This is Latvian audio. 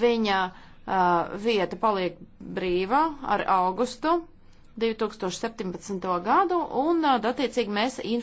Viņa uh, vieta paliek brīva ar augustu 2017. gadu, un, uh, attiecīgi, mēs informējam.